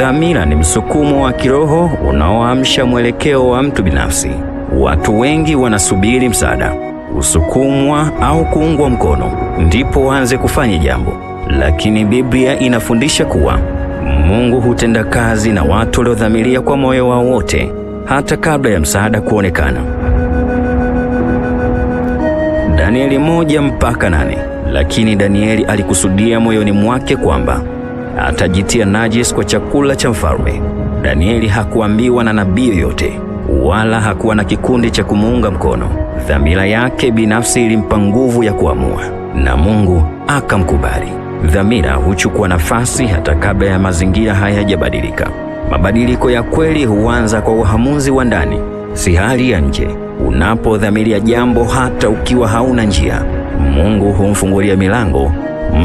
Dhamira ni msukumo wa kiroho unaoamsha mwelekeo wa mtu binafsi. Watu wengi wanasubiri msaada, kusukumwa au kuungwa mkono, ndipo waanze kufanya jambo, lakini Biblia inafundisha kuwa Mungu hutenda kazi na watu waliodhamiria kwa moyo wao wote, hata kabla ya msaada kuonekana. Danieli moja mpaka nane. Lakini Danieli alikusudia moyoni mwake kwamba atajitia najis kwa chakula cha mfalme. Danieli hakuambiwa na nabii yoyote wala hakuwa na kikundi cha kumuunga mkono. Dhamira yake binafsi ilimpa nguvu ya kuamua, na Mungu akamkubali. Dhamira huchukua nafasi hata kabla ya mazingira hayajabadilika. Mabadiliko ya kweli huanza kwa uamuzi wa ndani, si hali ya nje. Unapodhamiria jambo, hata ukiwa hauna njia, Mungu humfungulia milango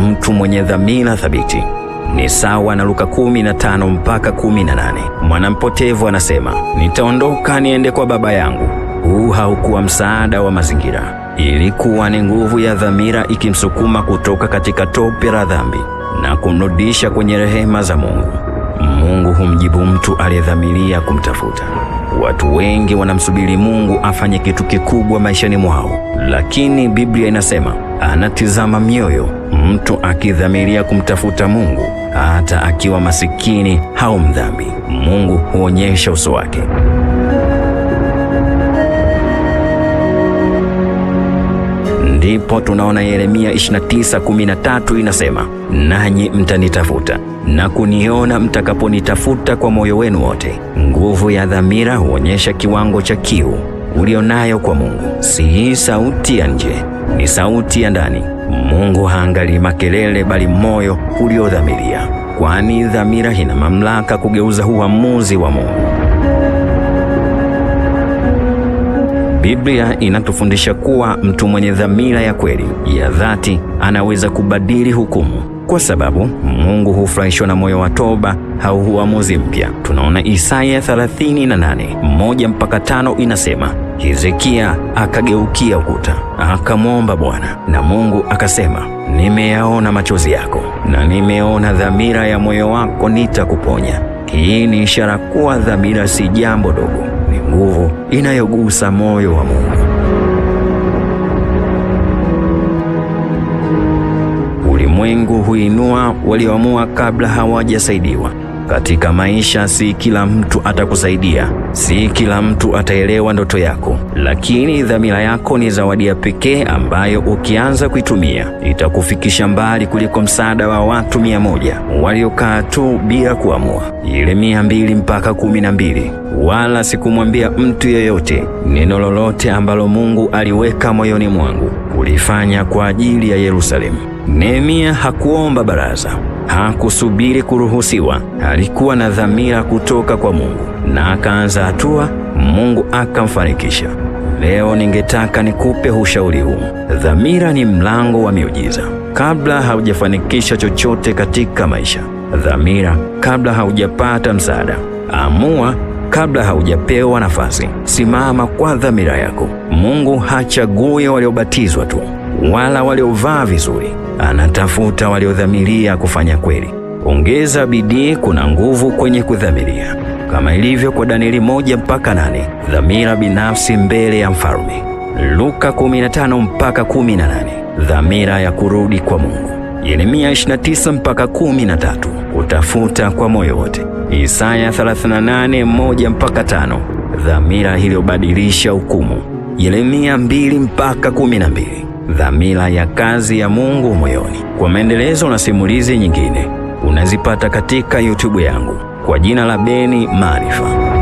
mtu mwenye dhamira thabiti ni sawa na Luka 15 mpaka 18. Mwanampotevu anasema, nitaondoka niende kwa baba yangu. Huu haukuwa msaada wa mazingira, ilikuwa ni nguvu ya dhamira ikimsukuma kutoka katika tope la dhambi na kumrudisha kwenye rehema za Mungu. Mungu humjibu mtu aliyedhamiria kumtafuta. Watu wengi wanamsubiri Mungu afanye kitu kikubwa maishani mwao, lakini Biblia inasema anatizama mioyo. Mtu akidhamiria kumtafuta Mungu hata akiwa masikini au mdhambi, Mungu huonyesha uso wake. Ndipo tunaona Yeremia 29:13 inasema, nanyi mtanitafuta na kuniona mtakaponitafuta kwa moyo wenu wote. Nguvu ya dhamira huonyesha kiwango cha kiu ulionayo kwa Mungu. Si hii sauti ya nje, ni sauti ya ndani. Mungu haangalii makelele, bali moyo uliodhamiria, kwani dhamira ina mamlaka kugeuza uamuzi wa Mungu. Biblia inatufundisha kuwa mtu mwenye dhamira ya kweli ya dhati anaweza kubadili hukumu kwa sababu Mungu hufurahishwa na moyo wa toba au uamuzi mpya. Tunaona Isaya 38 1 mpaka 5 inasema, Hezekia akageukia ukuta akamwomba Bwana, na Mungu akasema, nimeyaona machozi yako na nimeona dhamira ya moyo wako, nitakuponya. Hii ni ishara kuwa dhamira si jambo dogo, ni nguvu inayogusa moyo wa Mungu. ulimwengu huinua walioamua kabla hawajasaidiwa. Katika maisha, si kila mtu atakusaidia, si kila mtu ataelewa ndoto yako, lakini dhamira yako ni zawadi ya pekee ambayo ukianza kuitumia itakufikisha mbali kuliko msaada wa watu mia moja waliokaa tu bila kuamua. Yeremia mbili mpaka kumi na mbili. Wala sikumwambia mtu yeyote neno lolote ambalo Mungu aliweka moyoni mwangu kulifanya kwa ajili ya Yerusalemu. Nehemia hakuomba baraza, hakusubiri kuruhusiwa. Alikuwa na dhamira kutoka kwa Mungu na akaanza hatua, Mungu akamfanikisha. Leo ningetaka nikupe ushauri huu: dhamira ni mlango wa miujiza. Kabla haujafanikisha chochote katika maisha, dhamira. Kabla haujapata msaada, amua kabla haujapewa nafasi. Simama kwa dhamira yako. Mungu hachagui waliobatizwa tu wala waliovaa vizuri anatafuta waliodhamiria kufanya kweli. Ongeza bidii, kuna nguvu kwenye kudhamiria, kama ilivyo kwa Danieli moja mpaka nane, dhamira binafsi mbele ya mfalme. Luka 15 mpaka 18, dhamira ya kurudi kwa Mungu. Yeremia 29 mpaka 13, kutafuta kwa moyo wote. Isaya 38 moja mpaka tano, dhamira iliyobadilisha hukumu. Yeremia 2 mpaka 12 dhamira ya kazi ya Mungu moyoni. Kwa maendelezo na simulizi nyingine unazipata katika YouTube yangu kwa jina la Beni Maarifa.